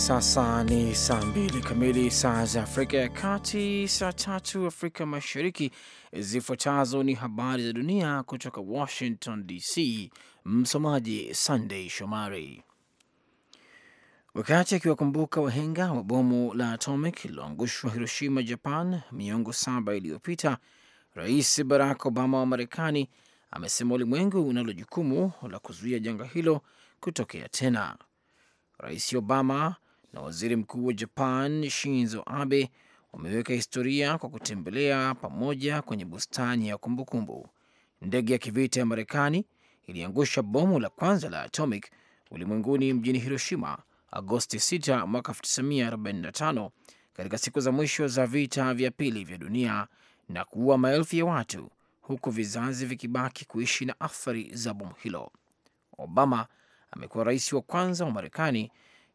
sasa ni saa mbili kamili saa za Afrika ya Kati, saa tatu Afrika Mashariki. Zifuatazo ni habari za dunia kutoka Washington DC. Msomaji sandey Shomari. Wakati akiwakumbuka wahenga wa bomu la atomic liloangushwa Hiroshima, Japan, miongo saba iliyopita, Rais Barack Obama wa Marekani amesema ulimwengu unalo jukumu la kuzuia janga hilo kutokea tena. Rais Obama na waziri mkuu wa Japan Shinzo Abe wameweka historia kwa kutembelea pamoja kwenye bustani ya kumbukumbu. Ndege ya kivita ya Marekani iliangusha bomu la kwanza la atomic ulimwenguni mjini Hiroshima Agosti 6 mwaka 1945 katika siku za mwisho za vita vya pili vya dunia na kuua maelfu ya watu huku vizazi vikibaki kuishi na athari za bomu hilo. Obama amekuwa rais wa kwanza wa Marekani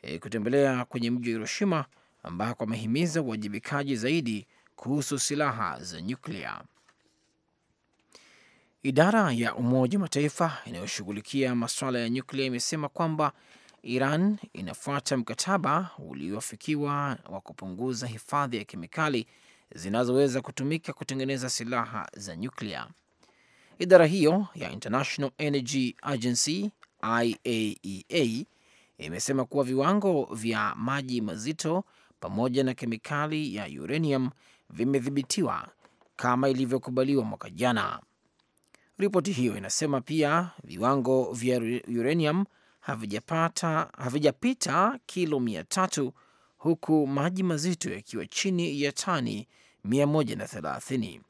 e, kutembelea kwenye mji wa Hiroshima ambako amehimiza uwajibikaji zaidi kuhusu silaha za nyuklia. Idara ya Umoja wa Mataifa inayoshughulikia masuala ya nyuklia imesema kwamba Iran inafuata mkataba uliofikiwa wa kupunguza hifadhi ya kemikali zinazoweza kutumika kutengeneza silaha za nyuklia. Idara hiyo ya International Energy Agency IAEA e imesema kuwa viwango vya maji mazito pamoja na kemikali ya uranium vimedhibitiwa kama ilivyokubaliwa mwaka jana. Ripoti hiyo inasema pia viwango vya uranium havijapata havijapita kilo mia tatu huku maji mazito yakiwa chini ya tani mia thelathini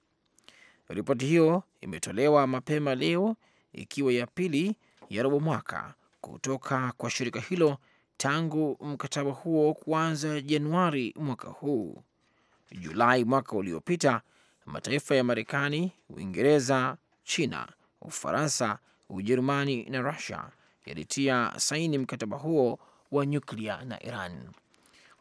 Ripoti hiyo imetolewa mapema leo ikiwa ya pili ya robo mwaka kutoka kwa shirika hilo tangu mkataba huo kuanza Januari mwaka huu. Julai mwaka uliopita, mataifa ya Marekani, Uingereza, China, Ufaransa, Ujerumani na Rusia yalitia saini mkataba huo wa nyuklia na Iran.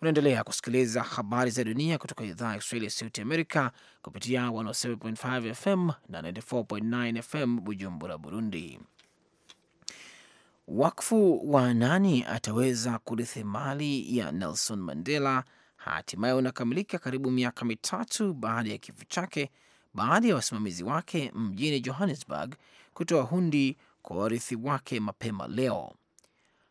Unaendelea kusikiliza habari za dunia kutoka idhaa ya Kiswahili ya Sauti Amerika kupitia 107.5 FM na 94.9 FM Bujumbura, Burundi wakfu wa nani ataweza kurithi mali ya Nelson Mandela hatimaye unakamilika karibu miaka mitatu baada ya kifo chake, baada ya wasimamizi wake mjini Johannesburg kutoa hundi kwa warithi wake mapema leo.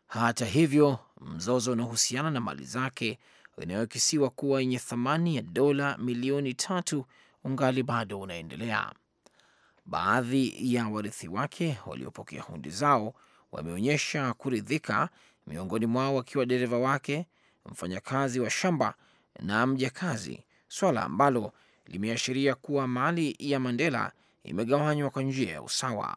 Hata hivyo, mzozo unaohusiana na mali zake inayokisiwa kuwa yenye thamani ya dola milioni tatu ungali bado unaendelea. Baadhi ya warithi wake waliopokea hundi zao wameonyesha kuridhika, miongoni mwao wakiwa dereva wake, mfanyakazi wa shamba na mjakazi, swala ambalo limeashiria kuwa mali ya Mandela imegawanywa kwa njia ya usawa.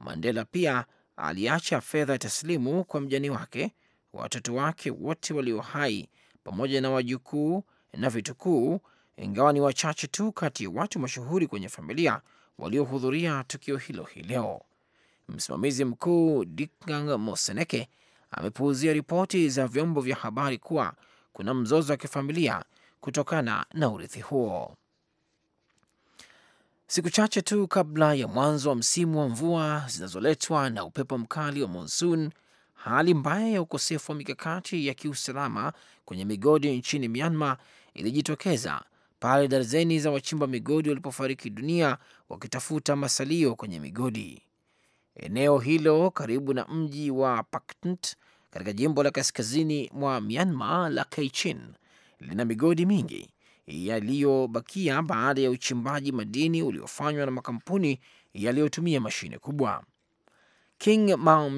Mandela pia aliacha fedha taslimu kwa mjani wake, watoto wake wote walio hai, pamoja na wajukuu na vitukuu, ingawa ni wachache tu kati ya watu mashuhuri kwenye familia waliohudhuria tukio hilo hii leo msimamizi mkuu Dikgang Moseneke amepuuzia ripoti za vyombo vya habari kuwa kuna mzozo wa kifamilia kutokana na urithi huo. Siku chache tu kabla ya mwanzo wa msimu wa mvua zinazoletwa na upepo mkali wa monsun hali mbaya ya ukosefu wa mikakati ya kiusalama kwenye migodi nchini Myanmar ilijitokeza pale darzeni za wachimba migodi walipofariki dunia wakitafuta masalio kwenye migodi. Eneo hilo karibu na mji wa Paktnt katika jimbo la kaskazini mwa Myanmar la Kaichin lina migodi mingi yaliyobakia baada ya uchimbaji madini uliofanywa na makampuni yaliyotumia mashine kubwa. King Maw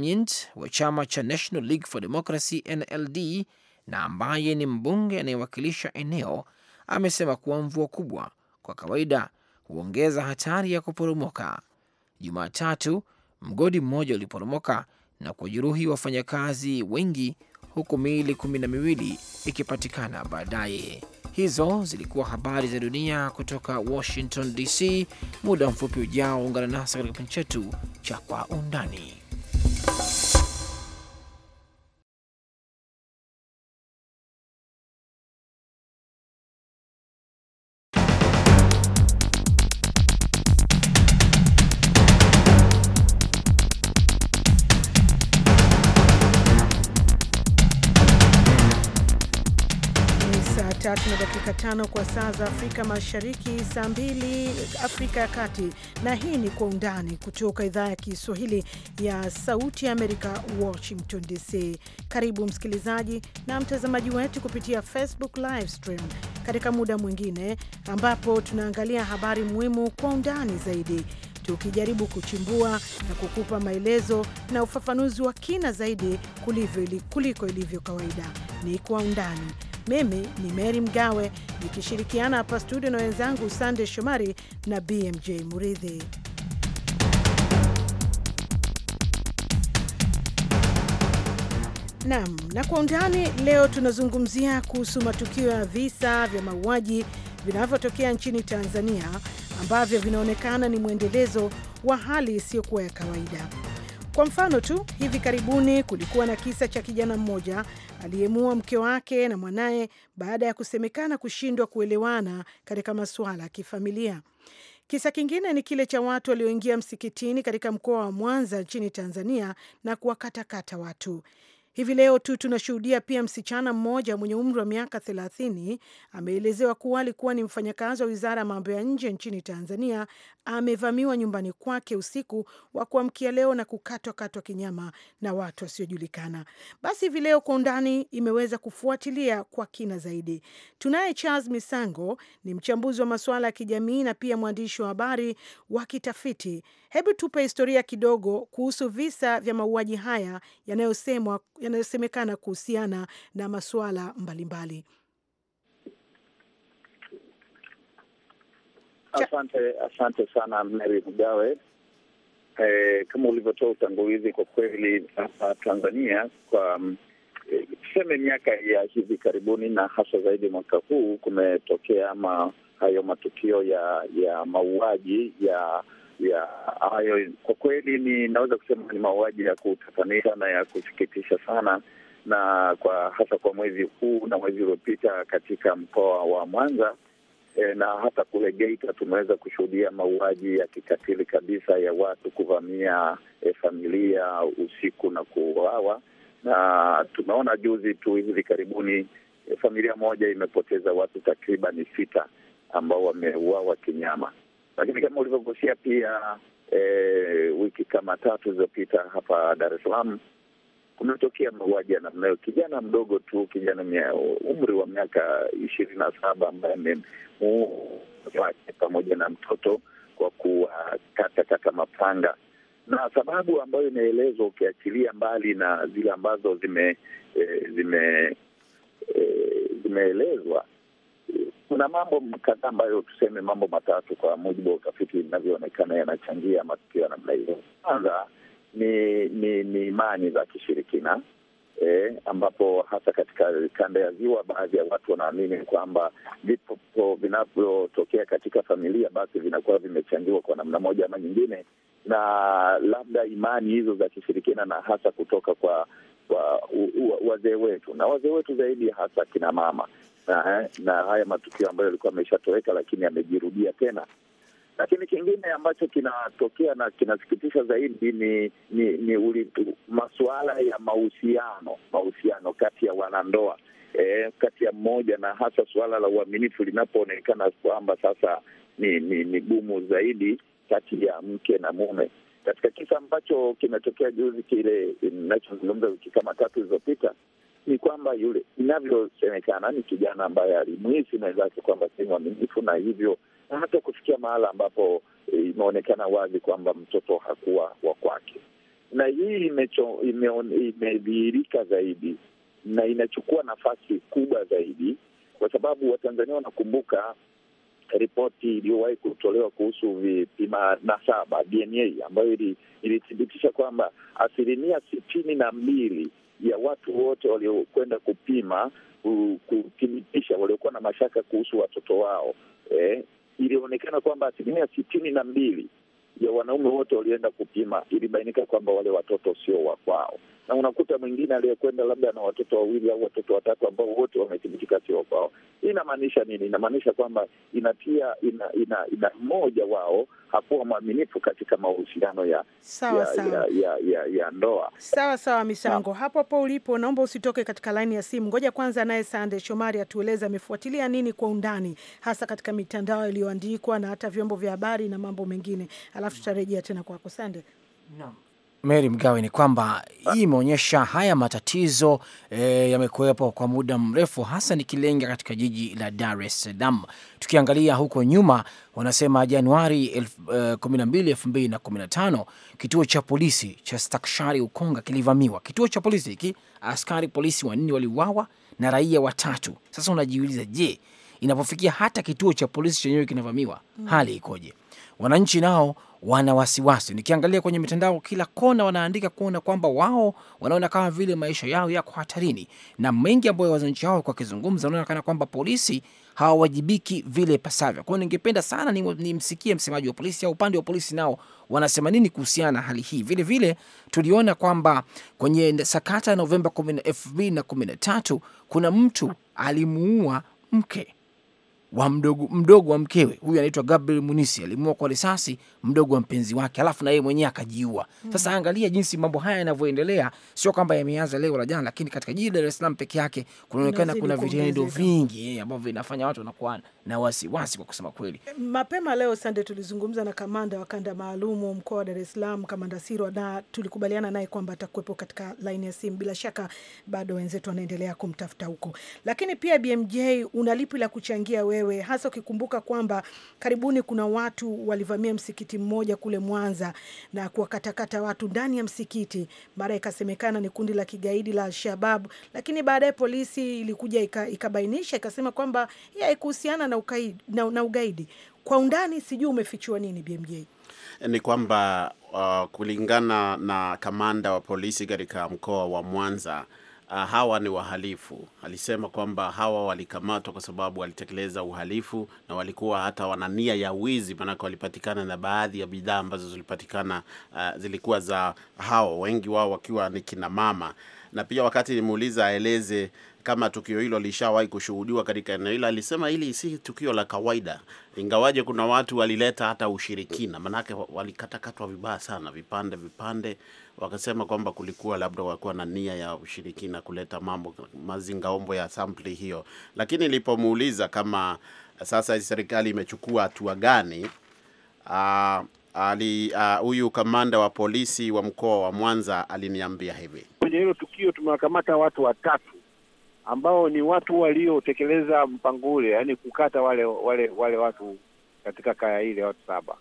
wa chama cha National League for Democracy NLD na ambaye ni mbunge anayewakilisha eneo amesema kuwa mvua kubwa kwa kawaida huongeza hatari ya kuporomoka. Jumatatu mgodi mmoja uliporomoka na kujeruhi wafanyakazi wengi huku miili kumi na miwili ikipatikana baadaye. Hizo zilikuwa habari za dunia kutoka Washington DC. Muda mfupi ujao, ungana nasi katika kipindi chetu cha Kwa Undani. tano kwa saa za Afrika Mashariki, saa mbili Afrika ya Kati, na hii ni Kwa Undani kutoka idhaa ya Kiswahili ya Sauti ya Amerika, Washington DC. Karibu msikilizaji na mtazamaji wetu kupitia Facebook live stream katika muda mwingine ambapo tunaangalia habari muhimu kwa undani zaidi tukijaribu kuchimbua na kukupa maelezo na ufafanuzi wa kina zaidi kuliko ilivyo kawaida. Ni kwa undani. Mimi ni Mary Mgawe nikishirikiana hapa studio na wenzangu Sande Shomari na BMJ Muridhi. Nam na kwa undani leo, tunazungumzia kuhusu matukio ya visa vya mauaji vinavyotokea nchini Tanzania ambavyo vinaonekana ni mwendelezo wa hali isiyokuwa ya kawaida. Kwa mfano tu, hivi karibuni kulikuwa na kisa cha kijana mmoja aliyemua mke wake na mwanaye baada ya kusemekana kushindwa kuelewana katika masuala ya kifamilia. Kisa kingine ni kile cha watu walioingia msikitini katika mkoa wa Mwanza nchini Tanzania na kuwakatakata watu. Hivi leo tu tunashuhudia pia msichana mmoja mwenye umri wa miaka thelathini ameelezewa kuwa alikuwa ni mfanyakazi wa wizara ya mambo ya nje nchini Tanzania amevamiwa nyumbani kwake usiku wa kuamkia leo na kukatwa katwa kinyama na watu wasiojulikana. Basi hivi leo kwa undani imeweza kufuatilia kwa kina zaidi. Tunaye Charles Misango, ni mchambuzi wa masuala ya kijamii na pia mwandishi wa habari wa kitafiti. Hebu tupe historia kidogo kuhusu visa vya mauaji haya yanayosemekana kuhusiana na masuala mbalimbali. Asante, asante sana Mary Mgawe. E, eh, kama ulivyotoa utangulizi, kwa kweli hapa Tanzania kwa e, tuseme miaka ya hivi karibuni na hasa zaidi mwaka huu kumetokea ma hayo matukio ya ya mauaji ya ya hayo kwa kweli ni naweza kusema ni mauaji ya kutatanisha na ya kusikitisha sana, na kwa hasa kwa mwezi huu na mwezi uliopita katika mkoa wa Mwanza e, na hata kule Geita tumeweza kushuhudia mauaji ya kikatili kabisa ya watu kuvamia e, familia usiku na kuuawa, na tumeona juzi tu hivi karibuni e, familia moja imepoteza watu takribani sita ambao wameuawa kinyama. Lakini kama ulivyogusia pia e, wiki kama tatu zilizopita hapa Dar es Salaam kumetokea mauaji ya namna hiyo. Kijana mdogo tu, kijana mia umri wa miaka ishirini na saba ambaye amemuwake pamoja na mtoto kwa kata mapanga, na sababu ambayo inaelezwa, ukiachilia mbali na zile ambazo zime e, zime e, zimeelezwa kuna mambo kadhaa ambayo tuseme mambo matatu, kwa mujibu wa utafiti inavyoonekana, yanachangia matukio ya namna hiyo. Kwanza, ni ni ni imani za kishirikina eh, ambapo hasa katika kanda ya Ziwa baadhi ya watu wanaamini kwamba vipo vinavyotokea katika familia basi vinakuwa vimechangiwa kwa namna moja ama nyingine na labda imani hizo za kishirikina na hasa kutoka kwa wazee wetu na wazee wetu zaidi hasa kina mama na, eh, na haya matukio ambayo yalikuwa ameshatoweka lakini amejirudia tena lakini kingine ambacho kinatokea na kinasikitisha zaidi ni ni, ni masuala ya mahusiano, mahusiano kati ya wanandoa e, kati ya mmoja na hasa suala la uaminifu linapoonekana kwamba sasa ni, ni, ni gumu zaidi kati ya mke na mume katika kisa ambacho kimetokea juzi kile inachozungumza wiki kama tatu ilizopita ni kwamba yule inavyosemekana ni kijana ambaye alimwisi mwenzake kwamba si mwaminifu, na hivyo na hata kufikia mahala ambapo eh, imeonekana wazi kwamba mtoto hakuwa wa kwake, na hii imedhihirika ime zaidi na inachukua nafasi kubwa zaidi, kwa sababu Watanzania wanakumbuka ripoti iliyowahi kutolewa kuhusu vipima nasaba DNA ambayo ilithibitisha kwamba asilimia sitini na mbili ya watu wote waliokwenda kupima kuthibitisha waliokuwa na mashaka kuhusu watoto wao eh, ilionekana kwamba asilimia sitini na mbili ya wanaume wote walienda kupima, ilibainika kwamba wale watoto sio wa kwao na unakuta mwingine aliyekwenda labda na watoto wawili au watoto watatu ambao wote wamethibitika sio kwao. Hii inamaanisha nini? Inamaanisha kwamba inatia ina ina ina mmoja wao hakuwa mwaminifu katika mahusiano ya, sawa, ya, sawa. Ya, ya, ya, ya ndoa. Sawa sawa, Misango na, hapo hapo ulipo, naomba usitoke katika laini ya simu. Ngoja kwanza naye Sande Shomari atueleze amefuatilia nini kwa undani hasa katika mitandao iliyoandikwa na hata vyombo vya habari na mambo mengine, alafu tutarejea tena kwako Sande. Naam. Mary Mgawe, ni kwamba hii imeonyesha haya matatizo e, yamekuwepo kwa muda mrefu, hasa nikilenga katika jiji la Dar es Salaam. Tukiangalia huko nyuma, wanasema Januari 12, 2015 eh, kituo cha polisi cha Stakshari Ukonga kilivamiwa. Kituo cha polisi hiki, askari polisi wanne waliuawa na raia watatu. Sasa unajiuliza, je, inapofikia hata kituo cha polisi chenyewe kinavamiwa, mm. hali ikoje? Wananchi nao wana wasiwasi. Nikiangalia kwenye mitandao kila kona, wanaandika kuona kwamba wao wanaona kama vile maisha yao yako hatarini, na mengi ambayo wananchi hao wakizungumza, wanaonekana kwamba polisi hawawajibiki vile ipasavyo. Kwa hiyo ningependa sana nimsikie ni msemaji wa polisi au upande wa polisi nao wanasema nini kuhusiana na hali hii. Vile vile tuliona kwamba kwenye sakata ya Novemba elfu mbili na kumi na tatu kuna mtu alimuua mke wa mdogo, mdogo wa mkewe huyu anaitwa Gabriel Munisi alimuua kwa risasi mdogo wa mpenzi wake, alafu na yeye mwenyewe akajiua. Hmm. Sasa angalia jinsi mambo haya yanavyoendelea, sio kwamba yameanza leo la jana, lakini katika jiji la Dar es Salaam peke yake kunaonekana kuna vitendo vingi eh, ambavyo vinafanya watu wanakuwa na wasiwasi. Kwa kusema kweli, eh, mapema leo Sande, tulizungumza na kamanda wa kanda maalumu mkoa wa Dar es Salaam, kamanda Sirwa, na tulikubaliana naye kwamba atakuwepo katika laini ya simu. Bila shaka bado wenzetu wanaendelea kumtafuta huko, lakini pia BMJ, unalipi la kuchangia we wewe, hasa ukikumbuka kwamba karibuni kuna watu walivamia msikiti mmoja kule Mwanza na kuwakatakata watu ndani ya msikiti. Mara ikasemekana ni kundi la kigaidi la Alshababu, lakini baadaye polisi ilikuja ikabainisha ikasema kwamba hii haikuhusiana na, na, na ugaidi. Kwa undani sijui umefichua nini BMJ? Ni kwamba uh, kulingana na kamanda wa polisi katika mkoa wa Mwanza uh, hawa ni wahalifu. Alisema kwamba hawa walikamatwa kwa sababu walitekeleza uhalifu na walikuwa hata wana nia ya wizi, maanake walipatikana na baadhi ya bidhaa ambazo zilipatikana uh, zilikuwa za hao, wengi wao wakiwa ni kina mama na pia wakati nimuuliza aeleze kama tukio hilo lishawahi kushuhudiwa katika eneo hilo, alisema hili si tukio la kawaida, ingawaje kuna watu walileta hata ushirikina, manake walikatakatwa vibaya sana, vipande vipande, wakasema kwamba kulikuwa labda wakuwa na nia ya ushirikina kuleta mambo mazingaombo ya sampli hiyo. Lakini nilipomuuliza kama sasa serikali imechukua hatua gani, uh, Uh, huyu uh, kamanda wa polisi wa mkoa wa Mwanza aliniambia hivi: kwenye hilo tukio tumewakamata watu watatu ambao ni watu waliotekeleza mpango ule, yaani kukata wale wale wale watu katika kaya ile, watu saba.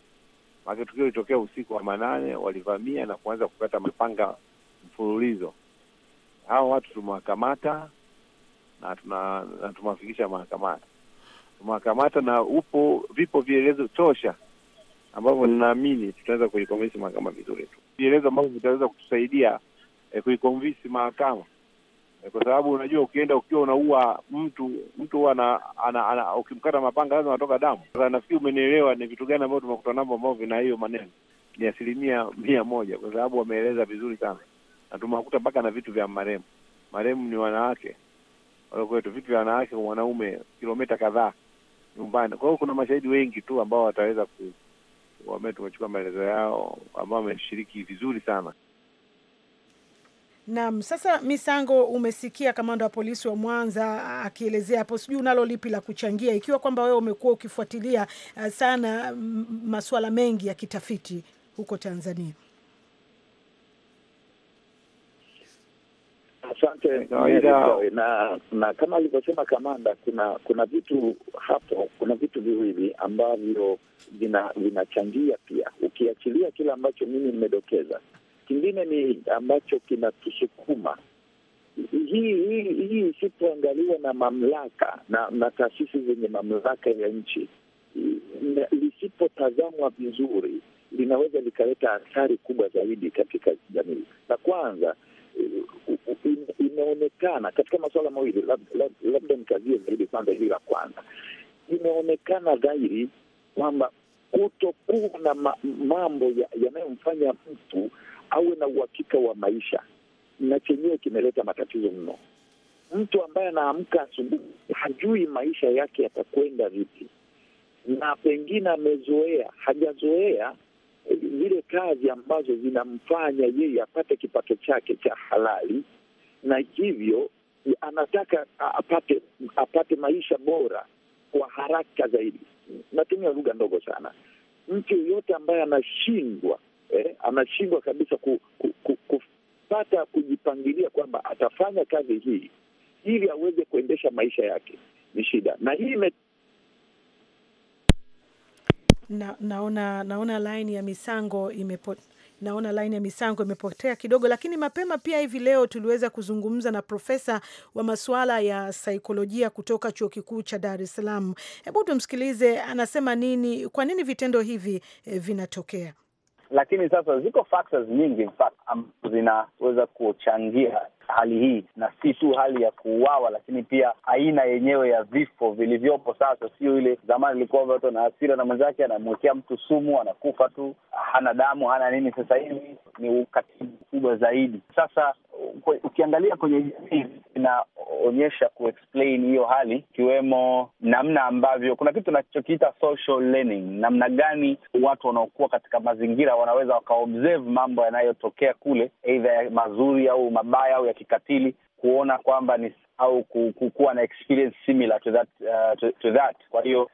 Maana tukio ilitokea usiku wa manane, walivamia na kuanza kukata mapanga mfululizo. Hao watu tumewakamata na tuna na tumewafikisha mahakamani, tumewakamata na upo vipo vielezo tosha ambavyo ninaamini tutaweza kuikonvinsi mahakama vizuri tu, vielezo ambavyo vitaweza kutusaidia eh, kuikonvinsi mahakama eh, kwa sababu unajua ukienda ukiwa unaua mtu mtu huwa ana, ana, ana, ukimkata mapanga lazima anatoka damu. Sasa nafikiri umenielewa ni vitu gani ambavyo tumekutana navyo ambavyo vina hiyo maneno ni asilimia mia moja kwa sababu wameeleza vizuri sana, na tumewakuta mpaka na vitu vya maremu. Maremu ni wanawake kwetu, vitu vya wanawake kwa mwanaume kilomita kadhaa nyumbani. Kwa hiyo kuna mashahidi wengi tu ambao wataweza ku wame tumechukua maelezo yao ambao wameshiriki vizuri sana. Naam, sasa Misango, umesikia kamanda wa polisi wa Mwanza akielezea hapo, sijui unalo lipi la kuchangia, ikiwa kwamba wewe umekuwa ukifuatilia eh, sana masuala mengi ya kitafiti huko Tanzania? Asante na, na kama alivyosema kamanda, kuna kuna vitu hapo, kuna vitu viwili ambavyo vinachangia pia, ukiachilia kile ambacho mimi nimedokeza. Kingine ni ambacho kinatusukuma hii hii hii isipoangaliwa na mamlaka na, na taasisi zenye mamlaka ya nchi, lisipotazamwa vizuri linaweza likaleta athari kubwa zaidi katika jamii. la kwanza imeonekana katika masuala mawili, labda nikazie zaidi kwanza hili la kwanza. Imeonekana dhahiri kwamba kutokuwa na ma, mambo yanayomfanya ya mtu awe na uhakika wa maisha, na chenyewe kimeleta matatizo mno. Mtu ambaye anaamka asubuhi hajui maisha yake yatakwenda vipi, na pengine amezoea, hajazoea zile kazi ambazo zinamfanya yeye apate kipato chake cha halali, na hivyo anataka apate apate maisha bora kwa haraka zaidi. Natumia lugha ndogo sana. Mtu yoyote ambaye anashindwa eh, anashindwa kabisa ku, ku, ku, kupata kujipangilia kwamba atafanya kazi hii ili aweze kuendesha maisha yake ni shida, na hii na, naona, naona laini ya misango imepo, naona line ya misango imepotea kidogo, lakini mapema pia hivi leo tuliweza kuzungumza na profesa wa masuala ya saikolojia kutoka chuo kikuu cha Dar es Salaam. Hebu tumsikilize anasema nini, kwa nini vitendo hivi eh, vinatokea lakini sasa ziko factors nyingi ambazo zinaweza kuchangia hali hii, na si tu hali ya kuuawa, lakini pia aina yenyewe ya vifo vilivyopo sasa. Sio ile zamani ilikuwa watu na asira na mwenzake, anamwekea mtu sumu, anakufa tu, hana damu, hana nini. Sasa hivi ni ukatili mkubwa zaidi. Sasa ukiangalia kwenye jamii inaonyesha kuexplain hiyo hali, ikiwemo namna ambavyo kuna kitu nachokiita social learning, namna gani watu wanaokuwa katika mazingira wanaweza wakaobserve mambo yanayotokea kule, eidha mazuri au mabaya au ya kikatili, kuona kwamba ni au kuwa na experience similar to that, uh, to, to that. Kwa hiyo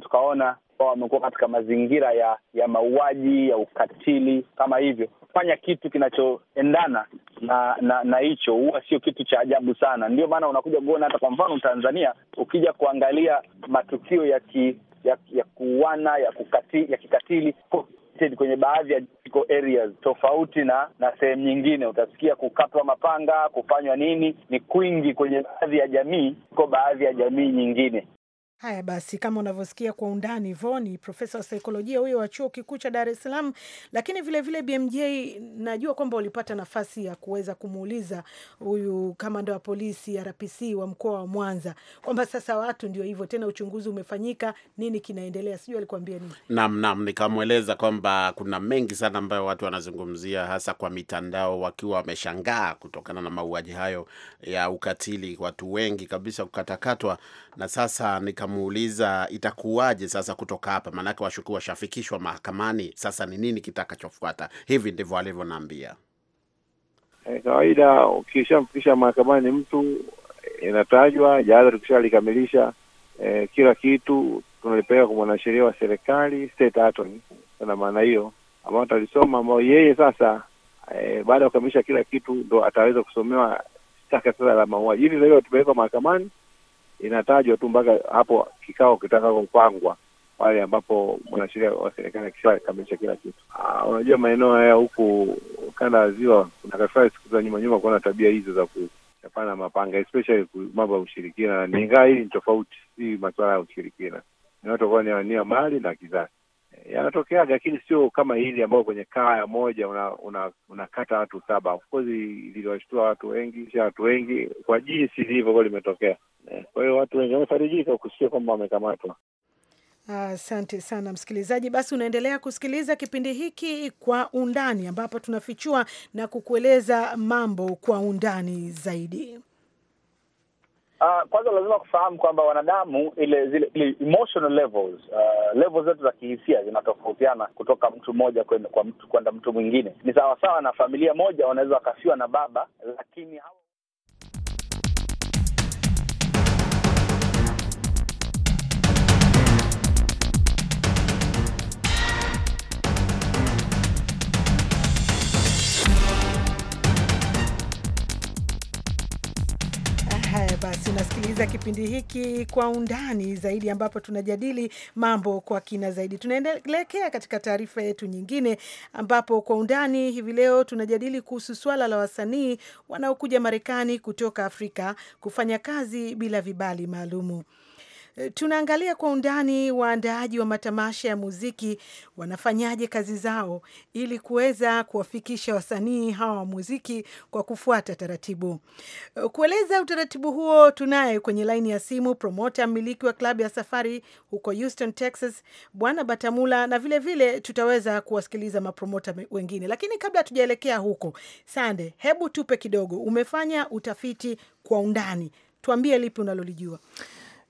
tukaona ambao wamekuwa katika mazingira ya ya mauaji ya ukatili kama hivyo, fanya kitu kinachoendana na na na hicho, huwa sio kitu cha ajabu sana. Ndio maana unakuja kuona hata kwa mfano Tanzania, ukija kuangalia matukio ya ki, ya, ya kuuana ya kukati, ya kikatili kwenye baadhi ya areas tofauti na na sehemu nyingine, utasikia kukatwa mapanga, kufanywa nini, ni kwingi kwenye baadhi ya jamii iko baadhi ya jamii nyingine. Haya basi, kama unavyosikia kwa undani, Vo ni profesa wa saikolojia huyo wa chuo kikuu cha Dar es Salaam. Lakini vilevile vile BMJ, najua kwamba ulipata nafasi ya kuweza kumuuliza huyu kamanda wa polisi RPC wa mkoa wa Mwanza kwamba sasa watu ndio hivyo tena, uchunguzi umefanyika, nini kinaendelea? Sijui alikuambia nini? Naam, naam, nikamweleza kwamba kuna mengi sana ambayo watu wanazungumzia, hasa kwa mitandao, wakiwa wameshangaa kutokana na mauaji hayo ya ukatili, watu wengi kabisa kukatakatwa na sasa nikamuuliza itakuwaje sasa kutoka hapa, maanake washukiwa washafikishwa mahakamani, sasa ni nini kitakachofuata? Hivi ndivyo alivyonaambia. E, kawaida ukishamfikisha mahakamani mtu inatajwa tukisha tukishalikamilisha e, kila kitu tunalipeleka kwa mwanasheria wa serikali state attorney, na maana hiyo ambao atalisoma, ambao yeye sasa e, baada ya kukamilisha kila kitu ndo ataweza kusomewa shtaka sasa la mauaji. Hivi leo tumewekwa mahakamani inatajwa tu mpaka hapo kikao kitakapopangwa pale ambapo mwanasheria wa serikali akishakamilisha kila kitu. Ah, unajua, maeneo haya huku kanda ya ziwa nakafai siku za nyuma nyuma kuona tabia hizo za kuchapana mapanga, especially mambo ya ushirikina. Ningaa hili ni tofauti, si masuala ya ushirikina, ni watu ambao wanawania mali na kizazi eh, yanatokeaga lakini sio kama hili ambayo kwenye kaya moja unakata una, una watu saba. Of course liliwashtua watu wengi, watu wengi kwa jinsi lilivyokuwa limetokea. Eh, kwa hiyo watu wengi wamefarijika kusikia kwamba wamekamatwa. Asante ah, sana msikilizaji. Basi unaendelea kusikiliza kipindi hiki Kwa Undani, ambapo tunafichua na kukueleza mambo kwa undani zaidi. Ah, kwanza lazima kufahamu kwamba wanadamu ile zile ile emotional levels uh, levels zetu za kihisia zinatofautiana kutoka mtu mmoja kwenda kwa mtu kwenda mtu mwingine. Ni sawasawa na familia moja wanaweza wakafiwa na baba, lakini hawa Basi unasikiliza kipindi hiki kwa undani zaidi, ambapo tunajadili mambo kwa kina zaidi. Tunaendelekea katika taarifa yetu nyingine, ambapo kwa undani hivi leo tunajadili kuhusu swala la wasanii wanaokuja Marekani kutoka Afrika kufanya kazi bila vibali maalumu. Eh, tunaangalia kwa undani waandaaji wa matamasha ya muziki wanafanyaje kazi zao ili kuweza kuwafikisha wasanii hawa wa muziki kwa kufuata taratibu. Eh, kueleza utaratibu huo, tunaye kwenye laini ya simu promota, mmiliki wa klabu ya Safari huko Houston, Texas, Bwana Batamula, na vilevile vile tutaweza kuwasikiliza mapromota wengine, lakini kabla hatujaelekea huko, Sande, hebu tupe kidogo, umefanya utafiti kwa undani, tuambie lipi unalolijua.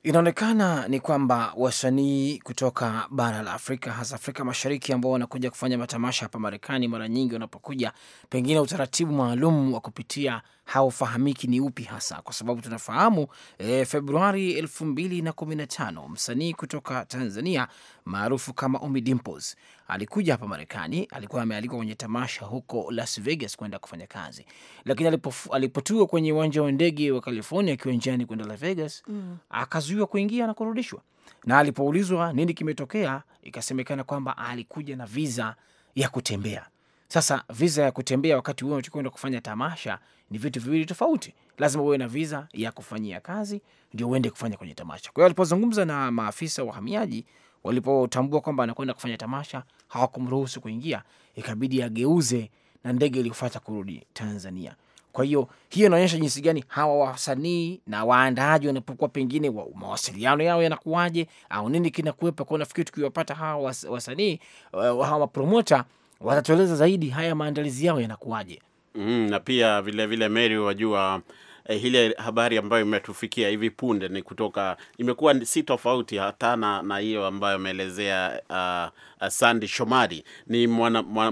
Inaonekana ni kwamba wasanii kutoka bara la Afrika, hasa Afrika Mashariki, ambao wanakuja kufanya matamasha hapa Marekani, mara nyingi wanapokuja, pengine utaratibu maalum wa kupitia haufahamiki ni upi hasa, kwa sababu tunafahamu e, Februari elfu mbili na kumi na tano msanii kutoka Tanzania maarufu kama Omy Dimples alikuja hapa Marekani. Alikuwa amealikwa kwenye tamasha huko Las Vegas kwenda kufanya kazi, lakini alipotua kwenye uwanja wa ndege wa California akiwa njiani kwenda Las Vegas mm. akazuiwa kuingia na kurudishwa, na alipoulizwa nini kimetokea, ikasemekana kwamba alikuja na viza ya kutembea. Sasa viza ya kutembea wakati huo unachokwenda kufanya tamasha ni vitu viwili tofauti. Lazima uwe na viza ya kufanyia kazi ndio uende kufanya kwenye tamasha. Kwa hiyo alipozungumza na maafisa wa uhamiaji, walipotambua kwamba anakwenda kufanya tamasha hawakumruhusu kuingia, ikabidi ageuze na ndege iliyofuata kurudi Tanzania. Kwa hiyo hiyo inaonyesha jinsi gani hawa wasanii na waandaaji wanapokuwa pengine wa, mawasiliano yao yanakuwaje au nini kinakuwepa. Kwa nafikiri tukiwapata hawa wasanii eh, hawa mapromota watatueleza zaidi haya maandalizi yao yanakuwaje. Mm, na pia vilevile Mary, wajua eh, ile habari ambayo imetufikia hivi punde ni kutoka, imekuwa si tofauti hata na hiyo ambayo ameelezea uh, ah, Uh, Sandi Shomari ni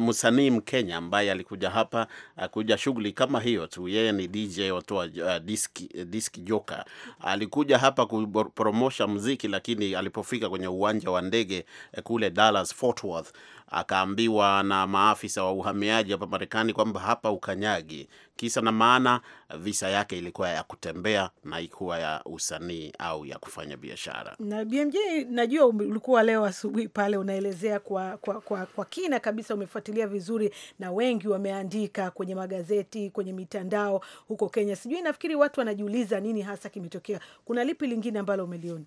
msanii Mkenya ambaye alikuja hapa akuja uh, kuja shughuli kama hiyo tu. Yeye ni DJ watoa uh, diski, uh, diski joka. Alikuja hapa kupromosha mziki, lakini alipofika kwenye uwanja wa ndege uh, kule Dallas Fort Worth akaambiwa na maafisa wa uhamiaji hapa Marekani kwamba hapa ukanyagi. Kisa na maana, visa yake ilikuwa ya kutembea na ikuwa ya usanii au ya kufanya biashara. Na BMJ, najua ulikuwa leo asubuhi pale unaelezea haya kwa, kwa, kwa, kwa kina kabisa, umefuatilia vizuri na wengi wameandika kwenye magazeti, kwenye mitandao huko Kenya. Sijui, nafikiri watu wanajiuliza nini hasa kimetokea. Kuna lipi lingine ambalo umeliona?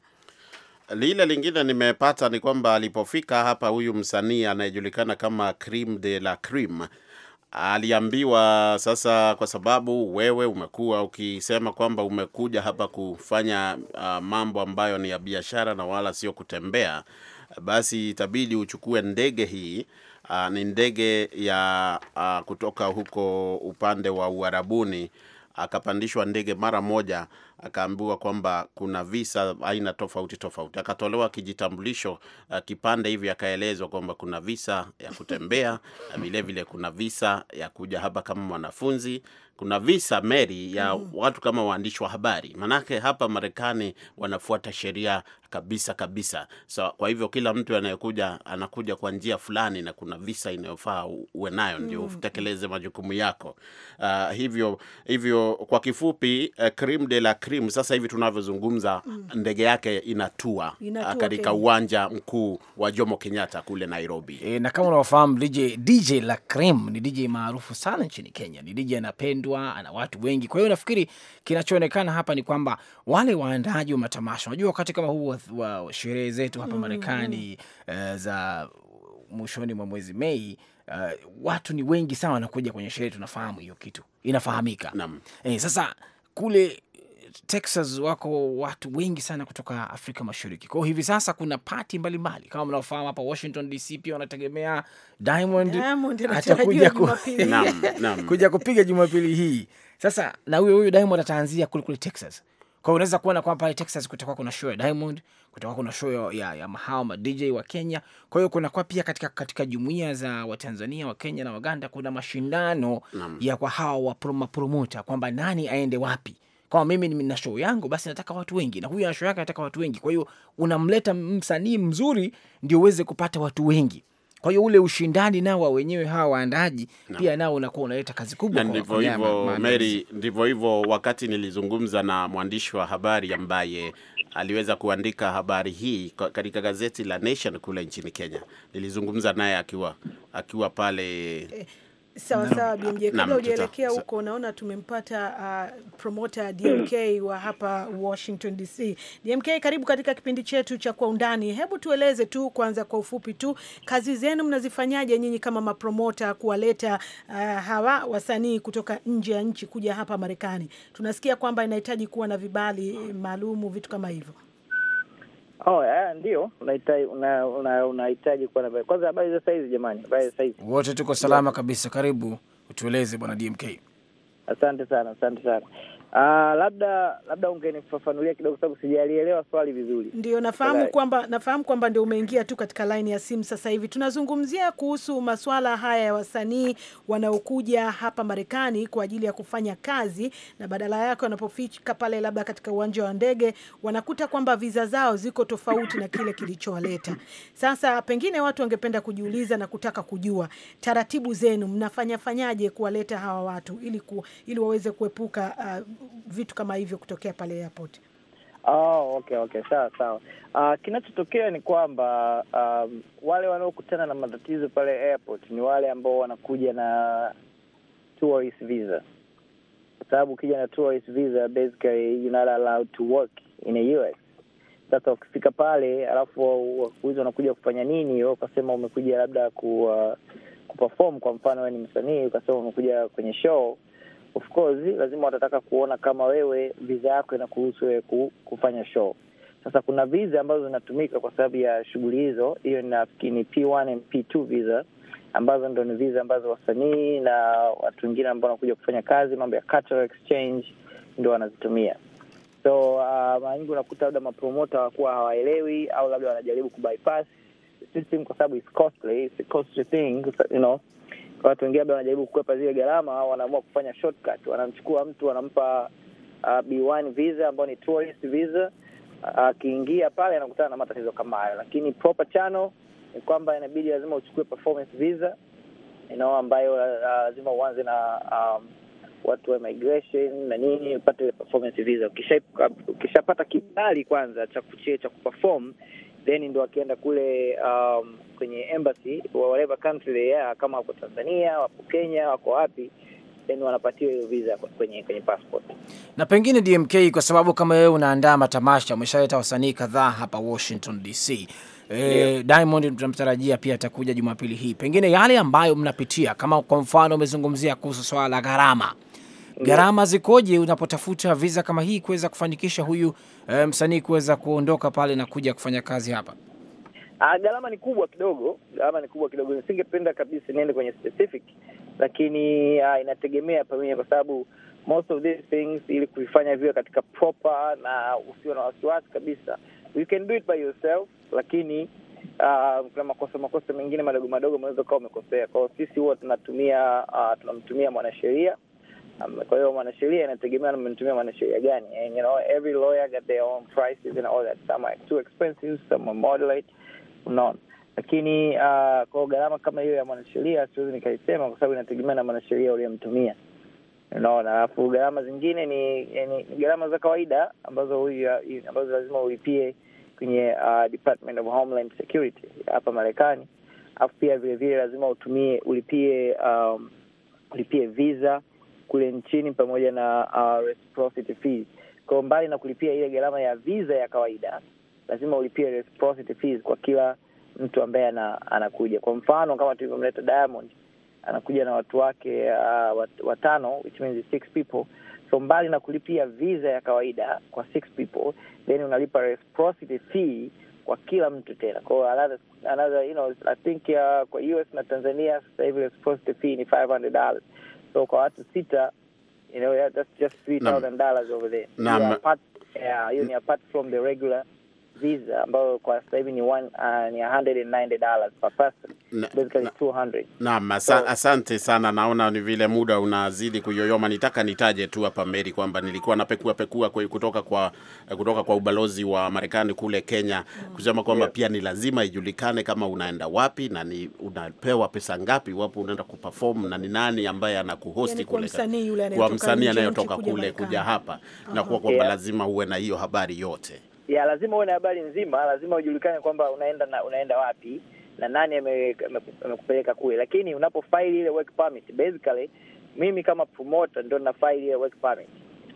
Lile lingine nimepata ni kwamba alipofika hapa huyu msanii anayejulikana kama Cream de la Cream aliambiwa sasa, kwa sababu wewe umekuwa ukisema kwamba umekuja hapa kufanya uh, mambo ambayo ni ya biashara na wala sio kutembea basi itabidi uchukue ndege hii. Uh, ni ndege ya uh, kutoka huko upande wa Uarabuni akapandishwa ndege mara moja akaambiwa kwamba kuna visa aina tofauti tofauti, akatolewa kijitambulisho eh, kipande hivi, akaelezwa kwamba kuna visa ya kutembea na vilevile kuna visa ya kuja hapa kama mwanafunzi kuna visa meri ya mm. watu kama waandishi wa habari, manake hapa Marekani wanafuata sheria kabisa kabisa. So, kwa hivyo kila mtu anayekuja anakuja kwa njia fulani, na kuna visa inayofaa uwe nayo ndio mm. utekeleze majukumu yako. Uh, hivyo hivyo kwa kifupi, uh, de la Krim sasa hivi tunavyozungumza, mm. ndege yake inatua, uh, inatua katika uwanja mkuu wa Jomo Kenyatta kule Nairobi. E, na kama unavyofahamu DJ, DJ la Krim ni DJ maarufu sana nchini Kenya, ni DJ anapendwa, ana watu wengi. Kwa hiyo nafikiri kinachoonekana hapa ni kwamba wale waandaaji wa matamasha, unajua wakati kama huu wa sherehe zetu hapa mm. Marekani uh, za mwishoni mwa mwezi Mei. Uh, watu ni wengi sana wanakuja kwenye sherehe, tunafahamu hiyo kitu, inafahamika. Naam. Eh, sasa kule Texas wako watu wengi sana kutoka Afrika Mashariki. Kwa hiyo hivi sasa kuna pati mbalimbali kama mnaofahamu hapa Washington DC pia wanategemea Diamond, Diamond atakuja ku... kuja kupiga Jumapili hii sasa, na huyo huyo Diamond ataanzia kule kule Texas. Kwa hiyo unaweza kuona kwamba pale Texas kutakuwa kuna show ya Diamond, kutakuwa kuna show ya, ya mahao ma DJ wa Kenya. Kwa hiyo kunakuwa pia katika, katika jumuiya za Watanzania wa Kenya na Waganda kuna mashindano Nam. ya kwa hawa wa promoter kwamba nani aende wapi kama mimi nina show yangu, basi nataka watu wengi, na huyu ana show yake, nataka watu wengi. Kwa hiyo unamleta msanii mzuri ndio uweze kupata watu wengi. Kwa hiyo ule ushindani nao wa wenyewe hawa waandaji na, pia nao unakuwa unaleta kazi kubwa. Ndivyo hivyo Mary, ndivyo hivyo. Wakati nilizungumza na mwandishi wa habari ambaye aliweza kuandika habari hii katika gazeti la Nation kule nchini Kenya, nilizungumza naye akiwa akiwa pale eh, Sawa sawa BMJ, kabla hujaelekea huko, unaona tumempata uh, promota DMK wa hapa Washington DC. DMK, karibu katika kipindi chetu cha Kwa Undani. Hebu tueleze tu kwanza kwa ufupi tu kazi zenu mnazifanyaje nyinyi kama mapromota kuwaleta uh, hawa wasanii kutoka nje ya nchi kuja hapa Marekani? Tunasikia kwamba inahitaji kuwa na vibali eh, maalumu, vitu kama hivyo. Oh, ndio unahitaji una, una, unahitaji kuwa na kwanza habari za saizi jamani, habari za saizi. Wote tuko salama kabisa, karibu utueleze bwana DMK. Asante sana, asante sana. Uh, labda labda ungenifafanulia kidogo, sababu sijalielewa swali vizuri. Ndio, nafahamu kwamba nafahamu kwamba ndio umeingia tu katika laini ya simu sasa hivi. Tunazungumzia kuhusu masuala haya ya wasanii wanaokuja hapa Marekani kwa ajili ya kufanya kazi, na badala yake wanapofika pale labda katika uwanja wa ndege wanakuta kwamba viza zao ziko tofauti na kile kilichowaleta. Sasa pengine watu wangependa kujiuliza na kutaka kujua taratibu zenu, mnafanya fanyaje kuwaleta hawa watu ili ku, ili waweze kuepuka uh, vitu kama hivyo kutokea pale airport? Oh, okay okay, sawa sawa. Uh, kinachotokea ni kwamba um, wale wanaokutana na matatizo pale airport ni wale ambao wanakuja na tourist visa, kwa sababu ukija na tourist visa basically you're not allowed to work in the US. Sasa ukifika pale alafu wakuuzi wanakuja kufanya nini, ukasema umekuja labda ku, uh, kuperform. Kwa mfano wewe ni msanii ukasema umekuja kwenye show of course lazima watataka kuona kama wewe viza yako inakuruhusu wewe kufanya show. Sasa kuna viza ambazo zinatumika kwa sababu ya shughuli hizo, hiyo nafikiri ni P1 P2 visa ambazo ndo ni viza ambazo wasanii na watu wengine ambao wanakuja kufanya kazi, mambo ya cultural exchange ndo wanazitumia. So uh, mara nyingi unakuta labda mapromota wakuwa hawaelewi au labda wanajaribu kubypass system kwa sababu it's costly, it's costly thing, you know watu wengine labda wanajaribu kukwepa zile gharama, au wanaamua kufanya shortcut, wanamchukua mtu wanampa uh, B1 visa ambayo ni tourist visa. Akiingia uh, pale anakutana na matatizo kama hayo, lakini proper channel ni kwamba inabidi lazima uchukue performance visa inao ambayo uh, lazima uh, uanze na um, watu wa migration na nini upate performance visa. Ukishapata ukisha kibali kwanza cha kucheza cha kuperform then ndo akienda kule um, kwenye embassy whatever country they are, kama wako Tanzania, wako Kenya, wako wapi then wanapatiwa hiyo visa kwenye, kwenye passport. Na pengine DMK, kwa sababu kama wewe unaandaa matamasha, umeshaleta wasanii kadhaa hapa Washington DC. E, eh, Diamond tunamtarajia pia atakuja Jumapili hii. Pengine yale ambayo mnapitia, kama kwa mfano umezungumzia kuhusu swala la gharama gharama zikoje unapotafuta visa kama hii kuweza kufanikisha huyu eh, msanii kuweza kuondoka pale na kuja kufanya kazi hapa? Ah, gharama ni kubwa kidogo, gharama ni kubwa kidogo. Nisingependa kabisa niende kwenye specific, lakini uh, inategemea pamoja, kwa sababu most of these things, ili kuifanya viwe katika proper na usio na wasiwasi kabisa, you can do it by yourself, lakini Uh, kuna makosa makosa mengine madogo madogo unaweza ukawa umekosea. Kwa hiyo sisi huwa tunatumia uh, tunamtumia mwanasheria kwa hiyo mwanasheria inategemea mnatumia mwanasheria gani, and you know every lawyer got their own prices and all that, some are too expensive, some are moderate, unaona. Lakini uh, kwa gharama kama hiyo ya mwanasheria siwezi nikaisema, kwa sababu inategemea na mwanasheria uliyemtumia, unaona. Alafu gharama zingine ni, ni, ni gharama za kawaida ambazo huyu ambazo lazima ulipie kwenye uh, Department of Homeland Security hapa Marekani. Alafu pia vilevile lazima utumie ulipie um, ulipie visa kule nchini pamoja na uh, reciprocity fees. Kwa mbali na kulipia ile gharama ya visa ya kawaida, lazima ulipie reciprocity fees kwa kila mtu ambaye anakuja. Kwa mfano kama tulivyomleta Diamond, anakuja na watu wake uh, watano, which means six people. So mbali na kulipia visa ya kawaida kwa six people, then unalipa reciprocity fee kwa kila mtu tena. Kwa another, another, you know, I think uh, kwa US na Tanzania sasa hivi reciprocity fee ni $500 So kwa watu sita, you know, that's just $3,000 over there. Naam. Apart, yeah, you apart from the regular visa ambayo kwa sasa hivi ni uh, Naam, asante sana. Naona ni vile muda unazidi kuyoyoma. Nitaka nitaje tu hapa meri kwamba nilikuwa napekua pekua kutoka kwa kutoka kwa ubalozi wa Marekani kule Kenya kusema kwamba yeah, pia ni lazima ijulikane kama unaenda wapi na ni unapewa pesa ngapi wapo unaenda kuperform na ni nani ambaye anakuhosti kule kwa msanii anayotoka kule kuja hapa, uh -huh, na kuwa kwamba yeah, lazima uwe na hiyo habari yote ya lazima uwe na habari nzima, lazima ujulikane kwamba unaenda na unaenda wapi na nani amekupeleka kule. Lakini unapofaili ile work permit, basically mimi kama promoter ndo nafaili ile work permit.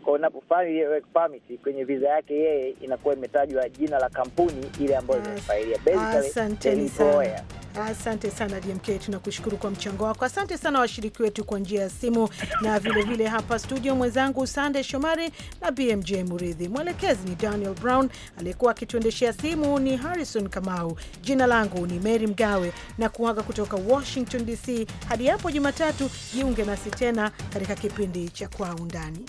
Kwa unapofaili ile work permit kwenye visa yake yeye inakuwa imetajwa jina la kampuni ile ambayo ah, imefailia, basically the Asante sana DMK, tunakushukuru kwa mchango wako. Asante sana washiriki wetu kwa njia ya simu na vilevile vile hapa studio, mwenzangu Sande Shomari na BMJ Muridhi. Mwelekezi ni Daniel Brown, aliyekuwa akituendeshea simu ni Harrison Kamau. Jina langu ni Mary Mgawe na kuaga kutoka Washington DC hadi hapo Jumatatu. Jiunge nasi tena katika kipindi cha Kwa Undani.